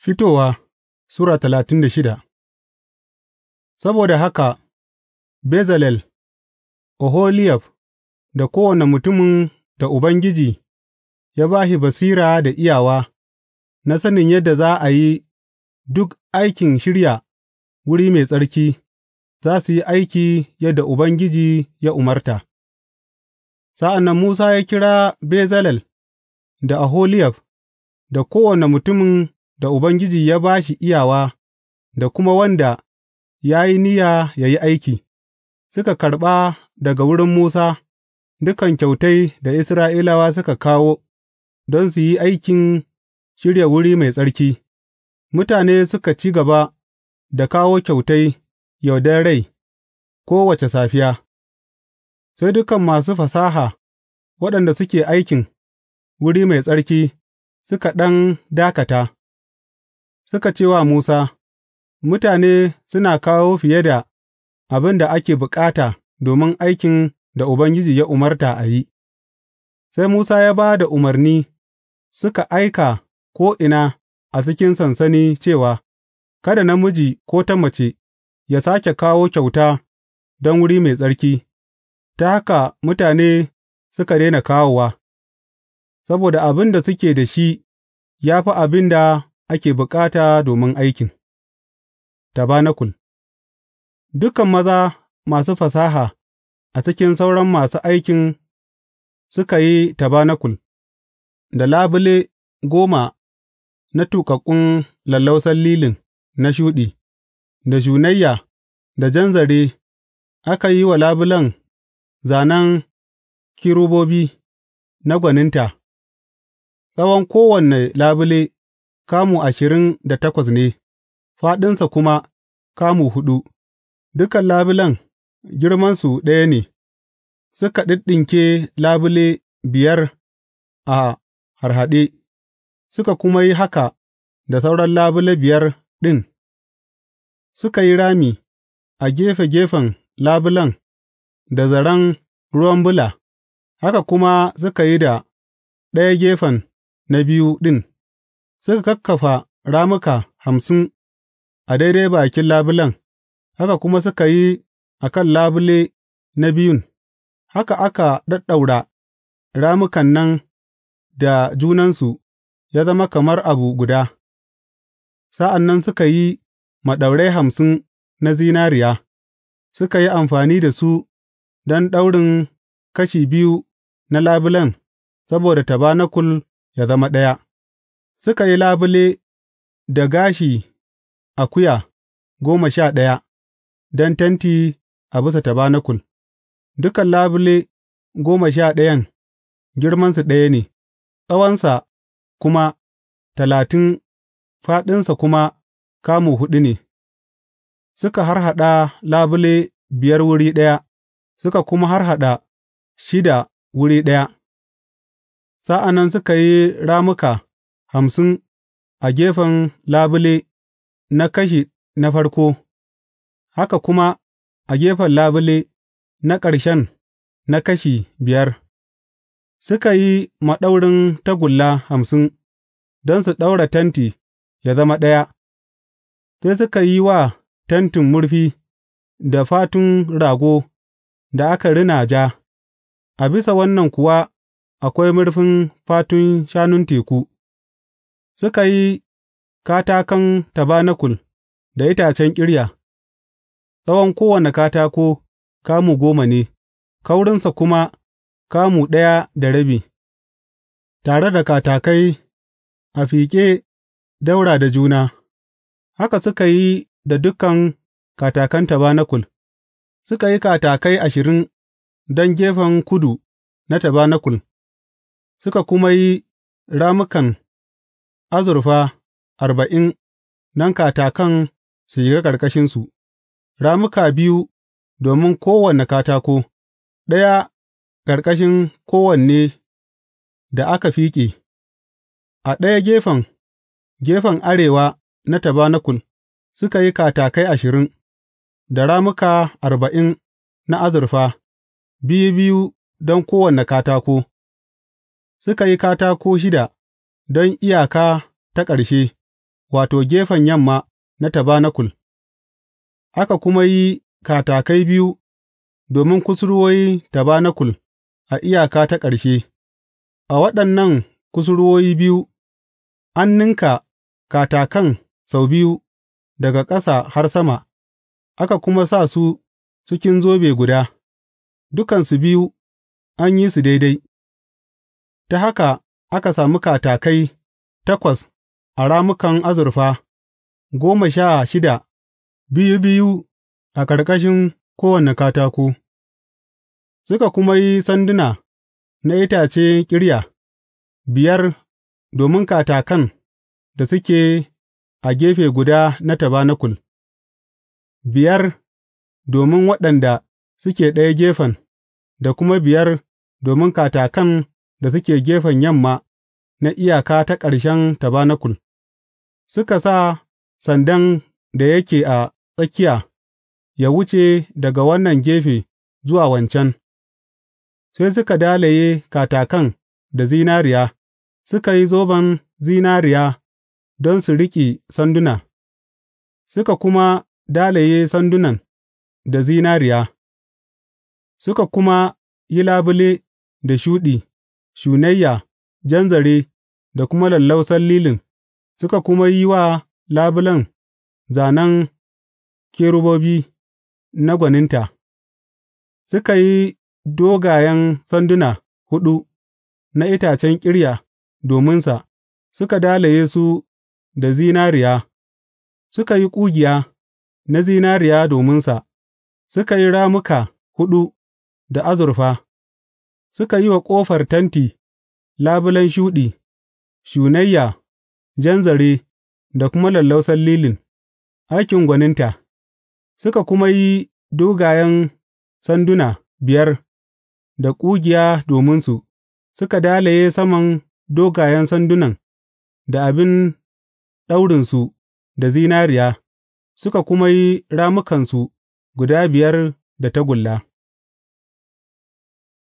Fitowa Sura talatin da shida Saboda haka Bezalel, Oholiyaf, da kowane mutumin da Ubangiji ya ba shi basira da iyawa na sanin yadda za a yi duk aikin shirya wuri mai tsarki, za su yi aiki yadda Ubangiji ya umarta. Sa'an nan Musa ya kira Bezalel da Aholiyaf da kowane mutumin da Ubangiji ya ba shi iyawa da kuma wanda ya yi niyya ya yi aiki, suka karɓa daga wurin Musa dukan kyautai da Isra'ilawa suka kawo don su yi aikin shirya wuri mai tsarki, mutane suka ci gaba da kawo kyautai yaudar rai kowace safiya, sai dukan masu fasaha waɗanda suke aikin wuri mai tsarki suka ɗan dakata. suka ce wa Musa, Mutane suna kawo fiye da abin da ake bukata domin aikin da Ubangiji ya umarta a yi, sai Musa ya ba da umarni suka aika ko'ina a cikin sansani cewa, Kada namiji ko ta mace ya sake kawo kyauta don wuri mai tsarki, ta haka mutane suka daina kawowa, saboda abin da suke da shi ya fi abin da ake bukata domin aikin tabanakul Dukan maza masu fasaha a cikin sauran masu aikin suka yi tabanakul da labule goma na tuƙaƙƙun lallausan lilin na shuɗi, da shunayya, da jan zare, aka yi wa labulen zanen kirubobi na gwaninta, tsawon kowanne labule kamu ashirin da takwas ne, fāɗinsa kuma kamu huɗu, dukan labulen girmansu ɗaya ne, suka ɗiɗɗinke labule biyar a harhaɗe, suka kuma yi haka da sauran labule biyar ɗin, suka yi rami a gefe gefen labulen da zaren ruwan bula, haka kuma suka yi da ɗaya gefen na biyu ɗin. Suka kakkafa ramuka hamsin a daidai bakin labulen, haka kuma suka yi a kan labule na biyun, haka aka ɗaɗɗaura rammukan nan da junansu ya zama kamar abu guda, sa'an nan suka yi maɗaurai hamsin na zinariya, suka yi amfani da su don ɗaurin kashi biyu na labulen saboda tabanakul ya zama ɗaya. Suka yi labule da gashi akuya goma sha ɗaya don tenti a bisa tabanakul, dukan labule goma sha ɗayan girmansu ɗaya ne, tsawonsa kuma talatin fāɗinsa kuma kamu huɗu ne, suka harhaɗa labule biyar wuri ɗaya, suka kuma harhaɗa shida wuri ɗaya, sa'an nan suka yi rammuka. hamsin a gefen labule na kashi na farko, haka kuma a gefen labule na ƙarshen na kashi biyar, suka yi maɗaurin tagulla hamsin don su ɗaura tenti ya zama ɗaya, sai suka yi wa tentin murfi da fatun rago da aka rina ja, a bisa wannan kuwa akwai murfin fatun shanun teku. Suka yi katakan tabanakul da itacen ƙirya, tsawon kowane katako kamu goma ne, kaurinsa kuma kamu ɗaya da rabi, tare da katakai a fiƙe ɗaura da juna, haka suka yi da dukan katakan tabanakul, suka yi katakai ashirin don gefen kudu na tabanakul, suka kuma yi rammukan. azurfa arba'in don katakan su shiga ƙarƙashinsu, ramuka biyu domin kowane katako, ɗaya ƙarƙashin kowanne da aka fiƙe, a ɗaya gefen, gefen arewa na tabanakul, suka yi katakai ashirin, da ramuka arba'in na azurfa, biyu biyu don kowane katako, suka yi katako shida. don iyaka ta ƙarshe, wato, gefen yamma na tabanakul, aka kuma yi katakai biyu domin kusurwoyi tabanakul a iyaka ta ƙarshe, a waɗannan kusurwoyi biyu, an ninka katakan sau biyu daga ƙasa har sama, aka kuma sa su cikin zobe guda, dukansu biyu an yi su daidai, ta haka aka sami katakai takwas a rammukan azurfa goma sha shida, biyu biyu a ƙarƙashin kowane katako, suka kuma yi sanduna na itace ƙirya biyar domin katakan da suke a gefe guda na tabanakul, biyar domin waɗanda suke ɗaya gefen da kuma biyar domin katakan da suke gefen yamma na iyaka ta ƙarshen tabanakul, suka sa sandan da yake a tsakiya ya wuce daga wannan gefe zuwa wancan, sai suka dalaye katakan da zinariya, suka yi zoban zinariya don su riƙe sanduna, suka kuma dalaye sandunan da zinariya, suka kuma yi labule da shuɗi. shunayya, jan zare, da kuma lallausan lilin, suka kuma yi wa labulen zanen kerubobi na gwaninta, suka yi dogayen sanduna huɗu na itacen ƙirya dominsa, suka dalaye su da zinariya, suka yi ƙugiya na zinariya dominsa, suka yi ramuka huɗu da azurfa. Suka yi wa ƙofar tenti labulen shuɗi, shunayya, jan zare da kuma lallausan lilin, aikin gwaninta, suka kuma yi dogayen sanduna biyar da ƙugiya dominsu, suka dalaye saman dogayen sandunan da abin ɗaurinsu da zinariya, suka kuma yi ramukansu guda biyar da tagulla.